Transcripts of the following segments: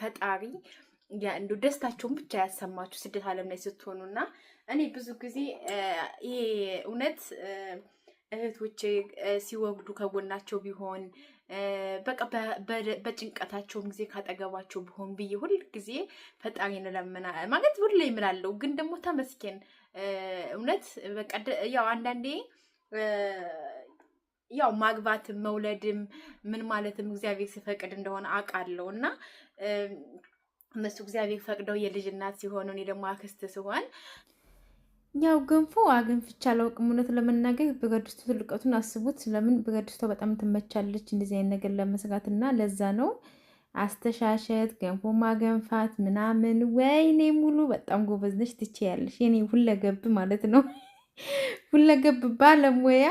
ፈጣሪ እንዶ ደስታቸውን ብቻ ያሰማችሁ ስደት ዓለም ላይ ስትሆኑ እና እኔ ብዙ ጊዜ ይሄ እውነት እህቶቼ ሲወግዱ ከጎናቸው ቢሆን በቃ በጭንቀታቸውም ጊዜ ካጠገባቸው ቢሆን ብዬ ሁል ጊዜ ፈጣሪ እንለምና ማለት ሁሌ ምላለው። ግን ደግሞ ተመስገን እውነት ያው አንዳንዴ ያው ማግባትም መውለድም ምን ማለትም እግዚአብሔር ሲፈቅድ እንደሆነ አውቃለሁ እና እነሱ እግዚአብሔር ፈቅደው የልጅ እናት ሲሆኑ እኔ ደግሞ አክስት ሲሆን ያው ገንፎ አገንፍቻ አላውቅም። እውነት ለመናገር ብረድስቱ ትልቀቱን አስቡት። ለምን ብረድስቷ በጣም ትመቻለች እንደዚህ አይነት ነገር ለመስራት እና ለዛ ነው አስተሻሸት ገንፎ ማገንፋት ምናምን። ወይኔ ሙሉ በጣም ጎበዝ ነች፣ ትችያለሽ። የኔ ሁለገብ ማለት ነው ሁለገብ ባለሙያ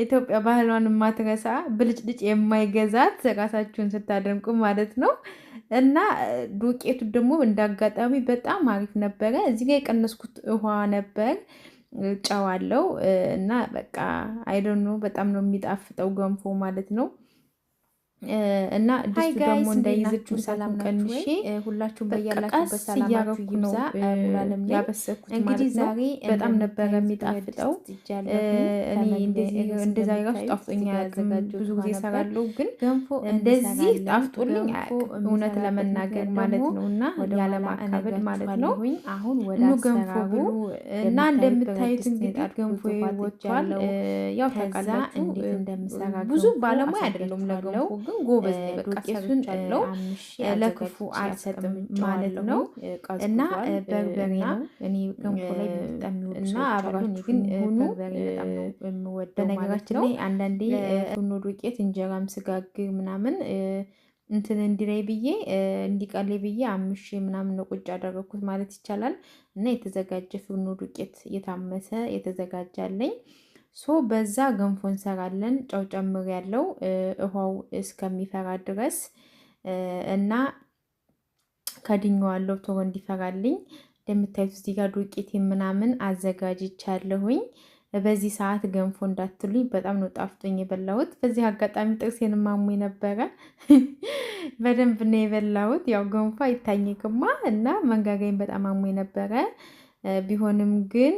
ኢትዮጵያ ባህሏን የማትረሳ ብልጭልጭ የማይገዛት ራሳችሁን ስታደንቁ ማለት ነው። እና ዱቄቱ ደግሞ እንዳጋጣሚ በጣም አሪፍ ነበረ። እዚህ ጋር የቀነስኩት ውሃ ነበር ጨዋለው እና በቃ አይደኖ በጣም ነው የሚጣፍጠው ገንፎ ማለት ነው። እና ድስቱ ደግሞ እንዳይዝችሁ ሰላም ቀንሼ ሁላችሁም በያላችሁበት ሰላማችሁ ይብዛ። ያበሰኩት እንግዲህ ዛሬ በጣም ነበረ የሚጣፍጠው። እኔ እንደዛ ራሱ ጣፍጦኛ ብዙ ጊዜ ሰራለሁ፣ ግን እንደዚህ ጣፍጦልኝ እውነት ለመናገር ማለት ነው እና ያለማካበድ ማለት ነው። አሁን ወደ ገንፎ እና እንደምታዩት እንግዲህ ገንፎ ወጥቷል። ያው ተቃላ ብዙ ባለሙያ አይደለም ለገንፎ ጎበዝ ዱቄቱን ለክፉ አልሰጥም ማለት ነው። እና በርበሬ ነው እኔ ገንፎ ላይ በጣም እና አብራችሁ ግን በርበሬ በጣም ነው በነገራችን ላይ አንዳንዴ ኖ ዱቄት እንጀራም ስጋግር ምናምን እንትን እንዲላይ ብዬ እንዲቀሌ ብዬ አምሽ ምናምን ነው ቁጭ ያደረግኩት ማለት ይቻላል። እና የተዘጋጀ ፍርኖ ዱቄት እየታመሰ የተዘጋጃለኝ ሶ በዛ ገንፎ እንሰራለን። ጨው ጨምር ያለው ውሃው እስከሚፈራ ድረስ እና ከድኜዋለሁ ቶሎ እንዲፈራልኝ። እንደምታዩት እዚህ ጋር ዱቄቴን ምናምን አዘጋጅቻለሁኝ። በዚህ ሰዓት ገንፎ እንዳትሉኝ፣ በጣም ነው ጣፍጦኝ የበላሁት። በዚህ አጋጣሚ ጥርሴን ማሙ ነበረ፣ በደንብ ነው የበላሁት። ያው ገንፎ አይታኝክማ እና መንጋጋይን በጣም አሙ ነበረ። ቢሆንም ግን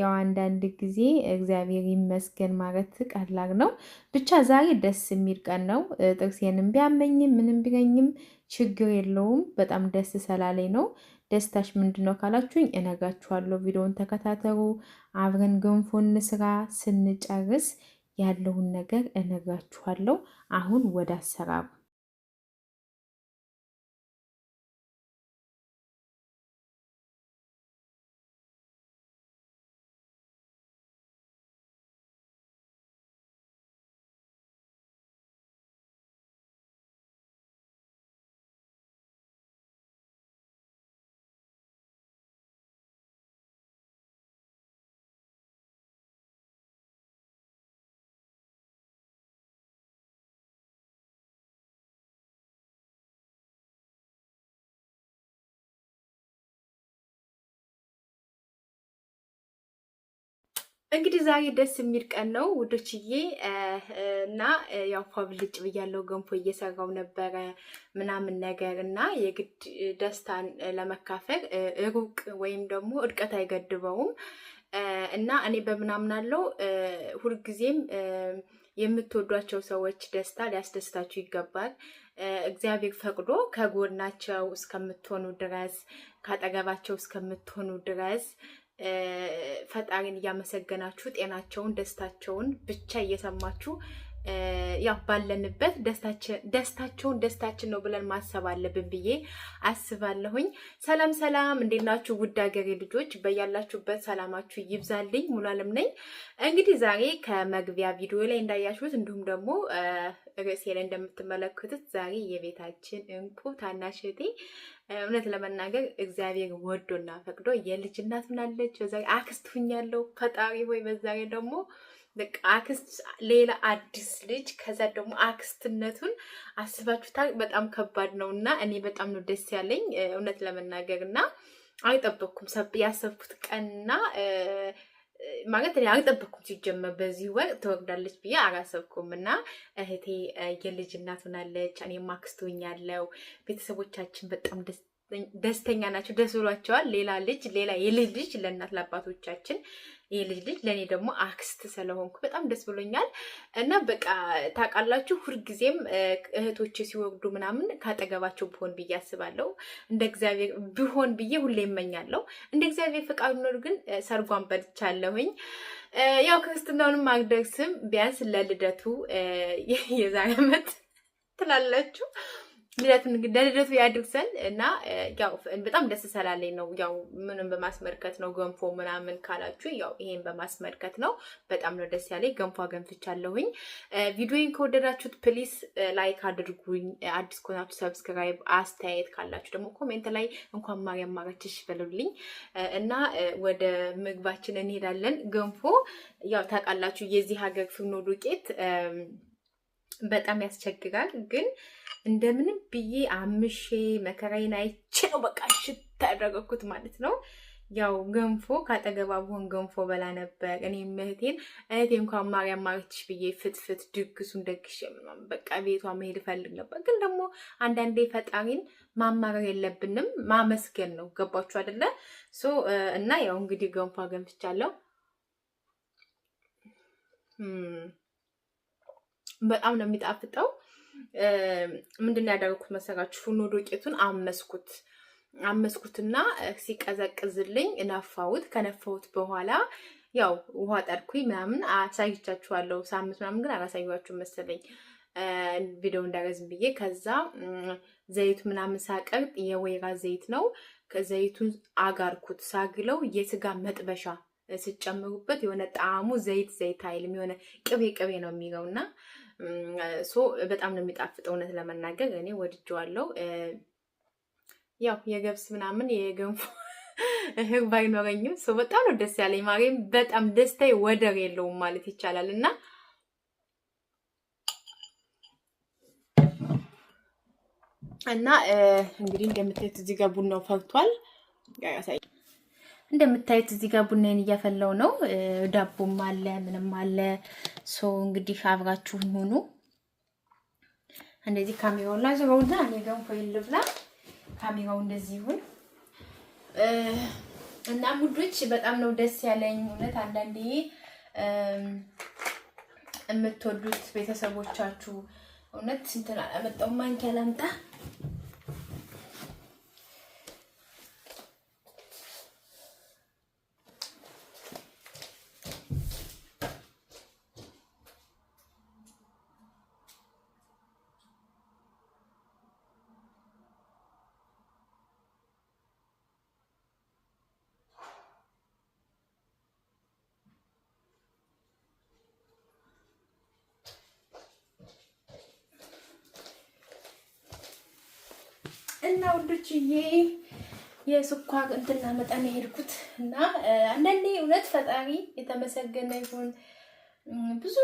ያው አንዳንድ ጊዜ እግዚአብሔር ይመስገን ማለት ቀላል ነው። ብቻ ዛሬ ደስ የሚል ቀን ነው። ጥርሴንም ቢያመኝም ምንም ቢለኝም ችግር የለውም። በጣም ደስ ሰላላይ ነው። ደስታሽ ምንድን ነው ካላችሁኝ እነግራችኋለሁ። ቪዲዮውን ተከታተሉ። አብረን ገንፎ ስራ ስንጨርስ ያለውን ነገር እነግራችኋለሁ። አሁን ወደ አሰራሩ እንግዲህ ዛሬ ደስ የሚል ቀን ነው ውዶችዬ፣ እና ያው ፋብልጭ ብያለው ገንፎ እየሰራው ነበረ ምናምን ነገር እና የግድ ደስታን ለመካፈል ሩቅ ወይም ደግሞ እድቀት አይገድበውም እና እኔ በምናምናለው ሁልጊዜም የምትወዷቸው ሰዎች ደስታ ሊያስደስታችሁ ይገባል። እግዚአብሔር ፈቅዶ ከጎናቸው እስከምትሆኑ ድረስ ከአጠገባቸው እስከምትሆኑ ድረስ ፈጣሪን እያመሰገናችሁ ጤናቸውን፣ ደስታቸውን ብቻ እየሰማችሁ ያው ባለንበት ደስታቸውን ደስታችን ነው ብለን ማሰብ አለብን ብዬ አስባለሁኝ። ሰላም ሰላም፣ እንዴት ናችሁ ውድ ልጆች? በያላችሁበት ሰላማችሁ ይብዛልኝ። አለም ነኝ። እንግዲህ ዛሬ ከመግቢያ ቪዲዮ ላይ እንዳያችሁት እንዲሁም ደግሞ ርዕሴ ላይ እንደምትመለከቱት ዛሬ የቤታችን እንቁ ታናሽ እህቴ እውነት ለመናገር እግዚአብሔር ወዶና ፈቅዶ የልጅ እናት ሆናለች። በዛሬ አክስት ሁኛለሁ። ፈጣሪ ሆይ በዛሬ ደግሞ በቃ አክስት ሌላ አዲስ ልጅ ከዛ ደግሞ አክስትነቱን አስባችሁታል። በጣም ከባድ ነው እና እኔ በጣም ነው ደስ ያለኝ እውነት ለመናገር እና አልጠበኩም ያሰብኩት ቀንና ማለት እኔ አልጠበኩም ሲጀመር በዚህ ወር ትወርዳለች ብዬ አላሰብኩም። እና እህቴ የልጅ እናት ሆናለች፣ እኔም አክስት ሆኛለሁ። ቤተሰቦቻችን በጣም ደስ ደስተኛ ናቸው፣ ደስ ብሏቸዋል። ሌላ ልጅ ሌላ የልጅ ልጅ ለእናት ለአባቶቻችን የልጅ ልጅ ለእኔ ደግሞ አክስት ስለሆንኩ በጣም ደስ ብሎኛል። እና በቃ ታውቃላችሁ፣ ሁልጊዜም እህቶች ሲወግዱ ምናምን ካጠገባቸው ብሆን ብዬ አስባለሁ። እንደ እግዚአብሔር ብሆን ብዬ ሁሌ ይመኛለሁ። እንደ እግዚአብሔር ፈቃድ ኖር ግን ሰርጓን በልቻለሁኝ። ያው ክርስትናውንም ማግደግ ስም ቢያንስ ለልደቱ የዛሬ ዓመት ትላላችሁ ልደቱን ለልደቱ ያድርሰን እና ያው በጣም ደስ ስላለኝ ነው። ያው ምንም በማስመልከት ነው ገንፎ ምናምን ካላችሁ ያው ይሄን በማስመልከት ነው። በጣም ነው ደስ ያለኝ። ገንፎ አገንፍቻለሁኝ። ቪዲዮን ከወደዳችሁት ፕሊስ ላይክ አድርጉኝ። አዲስ ከሆናችሁ ሰብስክራይብ፣ አስተያየት ካላችሁ ደግሞ ኮሜንት ላይ እንኳን ማርያም ማረችሽ በሉልኝ እና ወደ ምግባችን እንሄዳለን። ገንፎ ያው ታውቃላችሁ የዚህ ሀገር ፍርኖ ዱቄት በጣም ያስቸግራል። ግን እንደምንም ብዬ አምሼ መከራዬን አይቼ ነው በቃ ሽታ ያደረገኩት ማለት ነው። ያው ገንፎ ካጠገባ ብሆን ገንፎ በላ ነበር። እኔ እህቴን እህቴ እንኳን ማርያም ማረችሽ ብዬ ፍትፍት ድግሱን ደግሼ ምናምን በቃ ቤቷ መሄድ እፈልግ ነበር። ግን ደግሞ አንዳንዴ ፈጣሪን ማማረር የለብንም ማመስገን ነው። ገባችሁ አይደለ? እና ያው እንግዲህ ገንፎ ገንፍቻለሁ። በጣም ነው የሚጣፍጠው። ምንድን ያደረግኩት መሰላችሁ? ፉርኖ ዶቄቱን አመስኩት አመስኩትና ሲቀዘቅዝልኝ ነፋሁት። ከነፋሁት በኋላ ያው ውሃ ጠርኩኝ ምናምን አሳይቻችኋለሁ። ሳምንት ምናምን ግን አላሳዩችሁም መሰለኝ ቪዲዮ እንዳረዝም ብዬ። ከዛ ዘይቱ ምናምን ሳቀርጥ የወይራ ዘይት ነው። ከዘይቱን አጋርኩት። ሳግለው የስጋ መጥበሻ ስጨምሩበት የሆነ ጣዕሙ ዘይት ዘይት አይልም፣ የሆነ ቅቤ ቅቤ ነው የሚለው እና ሶ በጣም ነው የሚጣፍጥ። እውነት ለመናገር እኔ ወድጄዋለሁ። ያው የገብስ ምናምን የገንፎ እህል ባይኖረኝም ሰው በጣም ነው ደስ ያለኝ። ማርያም በጣም ደስታ ወደር የለውም ማለት ይቻላል እና እና እንግዲህ እንደምታዩት እዚህ ጋር ቡናው ፈርቷል። እንደምታዩት እዚህ ጋር ቡናዬን እያፈላው ነው። ዳቦም አለ ምንም አለ። ሶ እንግዲህ አብራችሁ ሆኑ እንደዚህ ካሜራውን ላዞረውና እኔ ገንፎ ልብላ። ካሜራው እንደዚህ ይሁን እና ሙዶች በጣም ነው ደስ ያለኝ እውነት አንዳንዴ የምትወዱት ቤተሰቦቻችሁ እውነት ስንትን አላመጣው ማንኪያ ላምጣ እና ውዶችዬ የስኳር እንትና መጠን የሄድኩት እና አንዳንዴ እውነት ፈጣሪ የተመሰገነ ይሁን ብዙ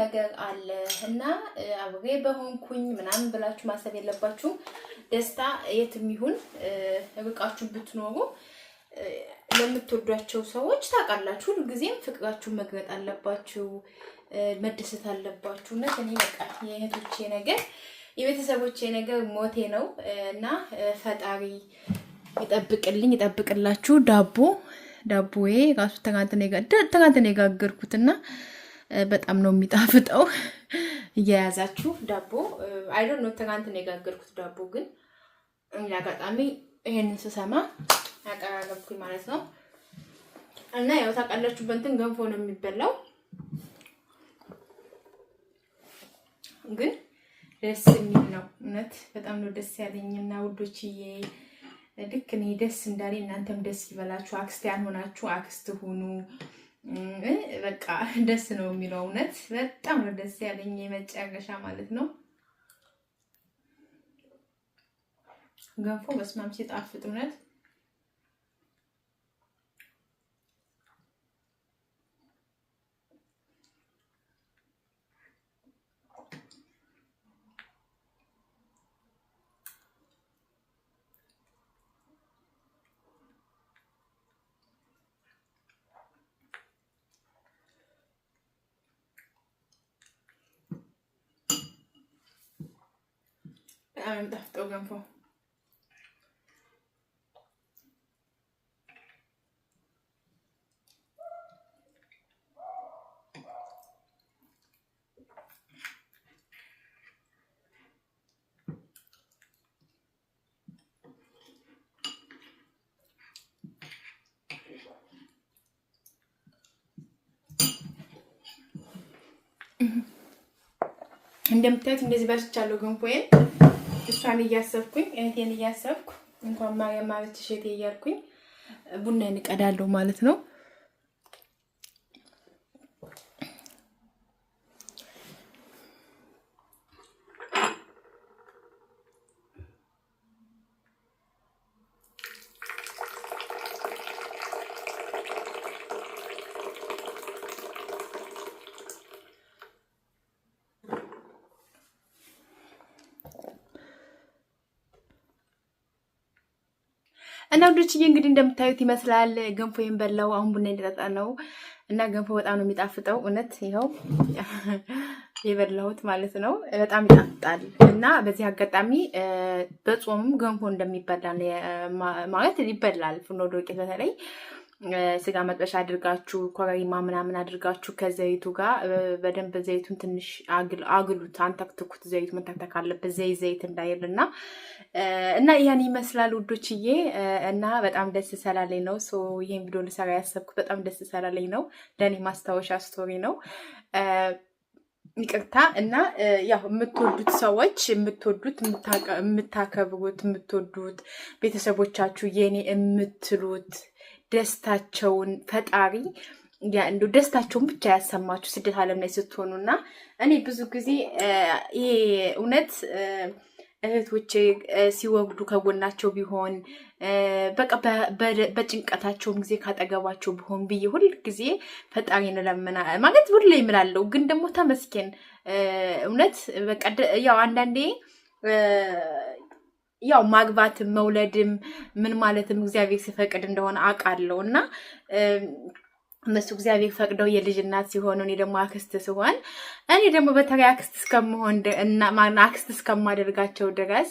ነገር አለ እና አብሬ በሆንኩኝ ምናምን ብላችሁ ማሰብ የለባችሁ ደስታ የትም ይሁን ርቃችሁ ብትኖሩ ለምትወዷቸው ሰዎች ታውቃላችሁ፣ ሁልጊዜም ፍቅራችሁ መግለጥ አለባችሁ፣ መደሰት አለባችሁ። እውነት እኔ በቃ የእህቶቼ ነገር የቤተሰቦቼ ነገር ሞቴ ነው እና ፈጣሪ ይጠብቅልኝ፣ ይጠብቅላችሁ። ዳቦ ዳቦዬ ራሱ ትናንትና የጋገርኩትና በጣም ነው የሚጣፍጠው። እየያዛችሁ ዳቦ አይዶን ነው ትናንትና የጋገርኩት ዳቦ ግን አጋጣሚ ይሄንን ስሰማ ያቀራረብኩኝ ማለት ነው። እና ያው ታውቃላችሁ በእንትን ገንፎ ነው የሚበላው ግን ደስ የሚል ነው። እውነት በጣም ነው ደስ ያለኝና ውዶችዬ ልክ እኔ ደስ እንዳለ እናንተም ደስ ይበላችሁ። አክስት ያልሆናችሁ አክስት ሁኑ። በቃ ደስ ነው የሚለው እውነት በጣም ነው ደስ ያለኝ የመጨረሻ ማለት ነው። ገንፎ በስማም ሲጣፍጥ እውነት ነው ጣፍጦ ገንፎ። እንደምታዩት እንደዚህ በልቻለሁ ገንፎዬን። እሷን እያሰብኩኝ እህቴን እያሰብኩ እንኳን ማርያም ማረችሽ እህቴ እያልኩኝ ቡና እንቀዳለሁ ማለት ነው። እና ወንዶችዬ እንግዲህ እንደምታዩት ይመስላል። ገንፎ ይህን አሁን ቡና እንደጠጣ ነው እና ገንፎ በጣም ነው የሚጣፍጠው። እውነት ይኸው የበላሁት ማለት ነው። በጣም ይጣፍጣል። እና በዚህ አጋጣሚ በጾምም ገንፎ እንደሚበላ ማለት ይበላል። ፍኖ ዶቄት በተለይ ስጋ መጥበሻ አድርጋችሁ ኮረሪማ ምናምን አድርጋችሁ ከዘይቱ ጋር በደንብ ዘይቱን ትንሽ አግሉት፣ አንተክትኩት። ዘይቱ መንተክተክ አለበት። ዘይት ዘይት እንዳይል እና እና ያን ይመስላል ውዶችዬ። እና በጣም ደስ ሰላለኝ ነው ይህን ቪዲዮ ልሰራ ያሰብኩት። በጣም ደስ ሰላለኝ ነው፣ ለእኔ ማስታወሻ ስቶሪ ነው። ይቅርታ እና ያው የምትወዱት ሰዎች የምትወዱት የምታከብሩት የምትወዱት ቤተሰቦቻችሁ የኔ የምትሉት ደስታቸውን ፈጣሪ እንዲ ደስታቸውን ብቻ ያሰማችሁ ስደት ዓለም ላይ ስትሆኑ እና እኔ ብዙ ጊዜ ይሄ እውነት እህቶቼ ሲወግዱ ከጎናቸው ቢሆን በቃ በጭንቀታቸውም ጊዜ ካጠገባቸው ቢሆን ብዬ ሁል ጊዜ ፈጣሪን ለምና ማለት ሁሌ ምላለው። ግን ደግሞ ተመስገን እውነት በቃ ያው አንዳንዴ ያው ማግባትም መውለድም ምን ማለትም እግዚአብሔር ሲፈቅድ እንደሆነ አውቃለሁ እና እነሱ እግዚአብሔር ፈቅደው የልጅ እናት ሲሆኑ እኔ ደግሞ አክስት ስሆን እኔ ደግሞ በተለይ አክስት እስከመሆን አክስት እስከማደርጋቸው ድረስ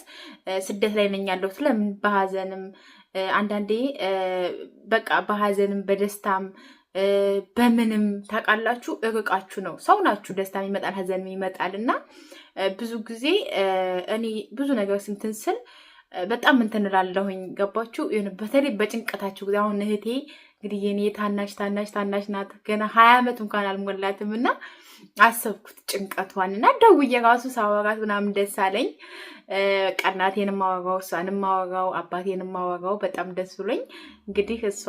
ስደት ላይ ነኝ ያለሁት። ለምን በሀዘንም አንዳንዴ በቃ በሀዘንም በደስታም በምንም ታውቃላችሁ፣ እርቃችሁ ነው ሰው ናችሁ። ደስታም ይመጣል፣ ሀዘንም ይመጣል እና ብዙ ጊዜ እኔ ብዙ ነገር ስንትን ስል በጣም እንትን እላለሁኝ። ገባችሁ? በተለይ በጭንቀታችሁ ጊዜ አሁን እህቴ እንግዲህ የኔ ታናሽ ታናሽ ታናሽ ናት። ገና ሀያ ዓመት እንኳን አልሞላትም እና አሰብኩት ጭንቀቷን እና ደውዬ ራሱ ሳወራት ምናምን ደስ አለኝ። ቀናቴን እናቴን ማወራው፣ እሷን ማወራው፣ አባቴን ማወራው በጣም ደስ ብሎኝ እንግዲህ እሷ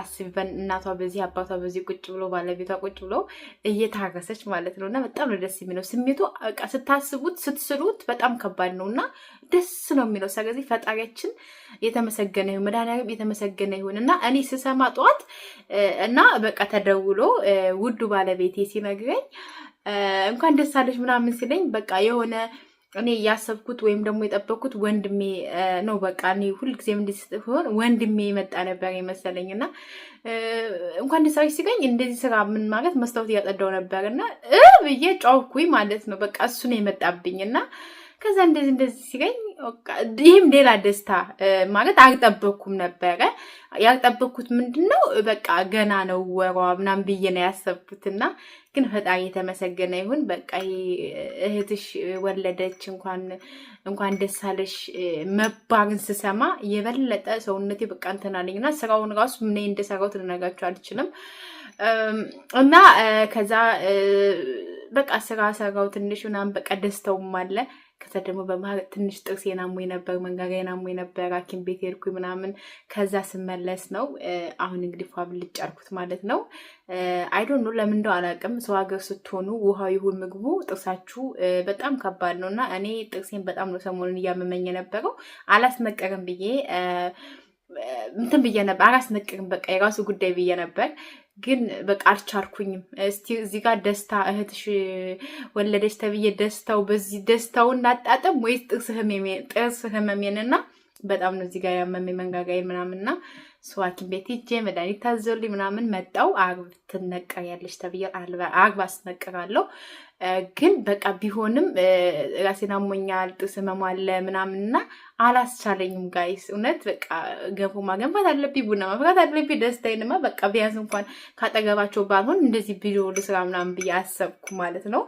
አስበን እናቷ በዚህ አባቷ በዚህ ቁጭ ብሎ ባለቤቷ ቁጭ ብሎ እየታረሰች ማለት ነው እና በጣም ነው ደስ የሚለው ስሜቱ። ስታስቡት ስትስሉት በጣም ከባድ ነው እና ደስ ነው የሚለው። ስለዚህ ፈጣሪያችን የተመሰገነ ይሁን፣ መድኃኒዓለም የተመሰገነ ይሁን እና እኔ ስሰማ ጠዋት እና በቃ ተደውሎ ውዱ ባለቤቴ ሲነግረኝ እንኳን ደስ አለሽ ምናምን ሲለኝ በቃ የሆነ እኔ እያሰብኩት ወይም ደግሞ የጠበኩት ወንድሜ ነው። በቃ እኔ ሁልጊዜም እንዲሆን ወንድሜ የመጣ ነበር የመሰለኝ እና እንኳን ደስ አለሽ ሲገኝ እንደዚህ ስራ ምን ማለት መስታወት እያጠዳው ነበር እና ብዬ ጫውኩኝ ማለት ነው። በቃ እሱ ነው የመጣብኝ እና ከዛ እንደዚህ እንደዚህ ሲገኝ ይህም ሌላ ደስታ ማለት አልጠበኩም ነበረ። ያልጠበኩት ምንድን ነው በቃ ገና ነው ወሯ ምናምን ብዬ ነው ያሰብኩትና ግን ፈጣሪ የተመሰገነ ይሁን። በቃ እህትሽ ወለደች እንኳን እንኳን ደስ አለሽ መባርን ስሰማ የበለጠ ሰውነቴ በቃ እንትን አለኝና ስራውን ራሱ ምን እንደሰራው ልነግራችሁ አልችልም። እና ከዛ በቃ ስራ ሰራው ትንሽ ምናምን በቃ ደስተውም አለ ከዛ ደግሞ በመሀል ትንሽ ጥርሴን የናሙ ነበር፣ መንጋጋ የናሙ ነበር። ሐኪም ቤት ሄድኩ ምናምን። ከዛ ስመለስ ነው አሁን እንግዲህ ፏ ብልጭ አልኩት ማለት ነው። አይዶን ነው ለምን እንደው አላውቅም። ሰው ሀገር ስትሆኑ ውሃው ይሁን ምግቡ ጥርሳችሁ በጣም ከባድ ነው እና እኔ ጥርሴን በጣም ነው ሰሞኑን እያመመኝ የነበረው አላስመቀርም ብዬ እንትን ብዬ ነበር፣ አላስነቅቅም በቃ የራሱ ጉዳይ ብዬ ነበር። ግን በቃ አልቻልኩኝም። እስቲ እዚህ ጋር ደስታ እህትሽ ወለደች ተብዬ ደስታው በዚህ ደስታውን እናጣጥም ወይስ ጥርስ ህመሜንና በጣም ነው እዚህ ጋር ያመሜ መንጋጋዬ ምናምንና ሐኪም ቤት ሂጄ መድኃኒት ታዘውልኝ ምናምን መጣው። አርብ ያለች ተብዬ አርብ አስነቅራለሁ ግን በቃ ቢሆንም ራሴን አሞኛል፣ ጥርስ ህመም አለ ምናምን እና አላስቻለኝም። ጋይስ እውነት በቃ ገንፎ ማገንፋት አለብኝ፣ ቡና ማፍራት አለብኝ። ደስታዬንማ በቃ ቢያንስ እንኳን ካጠገባቸው ባልሆን እንደዚህ ቢዶሉ ስራ ምናምን ብዬ አሰብኩ ማለት ነው።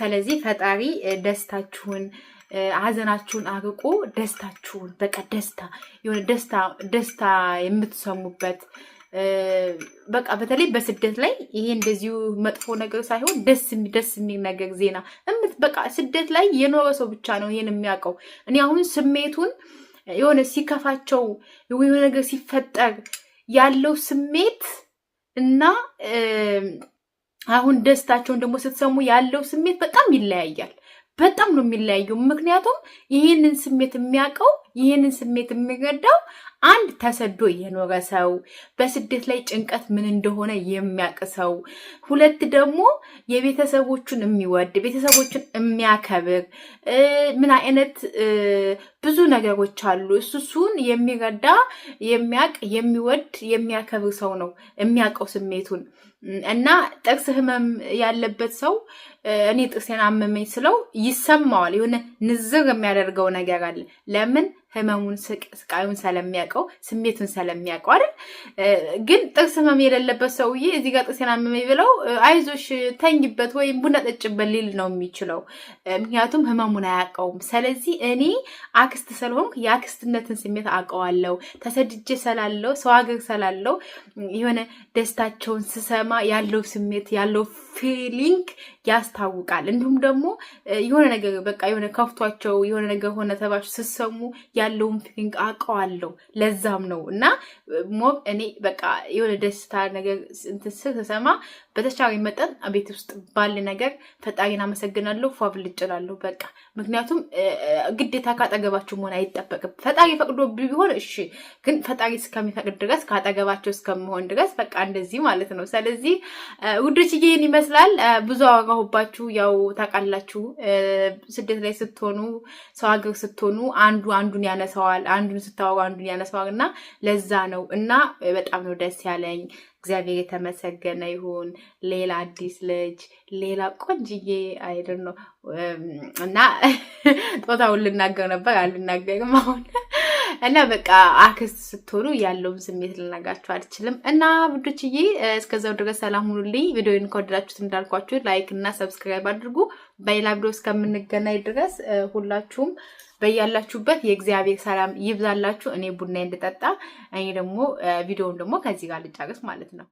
ስለዚህ ፈጣሪ ደስታችሁን ሐዘናችሁን አርቆ ደስታችሁን በቃ ደስታ የሆነ ደስታ ደስታ የምትሰሙበት በቃ በተለይ በስደት ላይ ይሄ እንደዚሁ መጥፎ ነገር ሳይሆን ደስ ደስ የሚነገር ዜና እምት በቃ ስደት ላይ የኖረ ሰው ብቻ ነው ይሄን የሚያውቀው። እኔ አሁን ስሜቱን የሆነ ሲከፋቸው የሆነ ነገር ሲፈጠር ያለው ስሜት እና አሁን ደስታቸውን ደግሞ ስትሰሙ ያለው ስሜት በጣም ይለያያል። በጣም ነው የሚለያዩ። ምክንያቱም ይህንን ስሜት የሚያውቀው ይህንን ስሜት የሚገዳው አንድ ተሰዶ የኖረ ሰው፣ በስደት ላይ ጭንቀት ምን እንደሆነ የሚያውቅ ሰው፣ ሁለት ደግሞ የቤተሰቦቹን የሚወድ ቤተሰቦቹን የሚያከብር ምን አይነት ብዙ ነገሮች አሉ። እሱሱን የሚረዳ የሚያውቅ የሚወድ የሚያከብር ሰው ነው የሚያውቀው ስሜቱን እና ጥርስ ህመም ያለበት ሰው እኔ ጥርሴን አመመኝ ስለው ይሰማዋል። የሆነ ንዝር የሚያደርገው ነገር አለ። ለምን ህመሙን ስቃዩን ስለሚያውቀው ስሜቱን ስለሚያውቀው አይደል። ግን ጥርስ ህመም የሌለበት ሰውዬ እዚህ ጋር ጥርሴን አመመኝ ብለው አይዞሽ ተኝበት ወይም ቡና ጠጭበት ሊል ነው የሚችለው። ምክንያቱም ህመሙን አያውቀውም። ስለዚህ እኔ አክስት ስለሆንኩ የአክስትነትን ስሜት አውቀዋለሁ። ተሰድጄ ስላለው ሰው ሀገር ስላለው የሆነ ደስታቸውን ስሰማ ያለው ስሜት ያለው ፊሊንግ ያስታውቃል። እንዲሁም ደግሞ የሆነ ነገር በቃ የሆነ ከፍቷቸው የሆነ ነገር ሆነ ተባች ስሰሙ ያለውን ፊሊንግ አውቀዋለሁ። ለዛም ነው እና ሞብ እኔ በቃ የሆነ ደስታ ነገር ስሰማ በተቻለ መጠን ቤት ውስጥ ባለ ነገር ፈጣሪን አመሰግናለሁ፣ ፏብል ብልጭ በቃ ምክንያቱም ግዴታ ካጠገባቸው መሆን አይጠበቅም። ፈጣሪ ፈቅዶ ቢሆን እሺ፣ ግን ፈጣሪ እስከሚፈቅድ ድረስ ካጠገባቸው እስከመሆን ድረስ በቃ እንደዚህ ማለት ነው። ስለዚህ ውዶች ይህን ይመስላል። ብዙ አወራሁባችሁ። ያው ታውቃላችሁ፣ ስደት ላይ ስትሆኑ፣ ሰው ሀገር ስትሆኑ አንዱ አንዱን ያነሰዋል፣ አንዱን ስታወሩ አንዱን ያነሰዋል። እና ለዛ ነው እና በጣም ነው ደስ ያለኝ። እግዚአብሔር የተመሰገነ ይሁን። ሌላ አዲስ ልጅ፣ ሌላ ቆንጅዬ አይደል ነው እና ጦታውን ልናገር ነበር አልናገርም አሁን እና በቃ አክስት ስትሆኑ ያለውን ስሜት ልናጋቸው አልችልም። እና ብዶችዬ እስከዛው ድረስ ሰላም ሁኑልኝ። ቪዲዮን ከወደዳችሁት እንዳልኳችሁ ላይክ እና ሰብስክራይብ አድርጉ። በሌላ ቪዲዮ እስከምንገናኝ ድረስ ሁላችሁም በያላችሁበት የእግዚአብሔር ሰላም ይብዛላችሁ። እኔ ቡና እንድጠጣ እኔ ደግሞ ቪዲዮውን ደግሞ ከዚህ ጋር ልጫገስ ማለት ነው።